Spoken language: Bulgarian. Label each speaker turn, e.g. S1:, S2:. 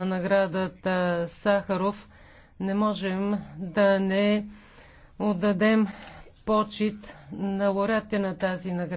S1: на наградата Сахаров не можем да не отдадем почет на лауреатите на тази награда.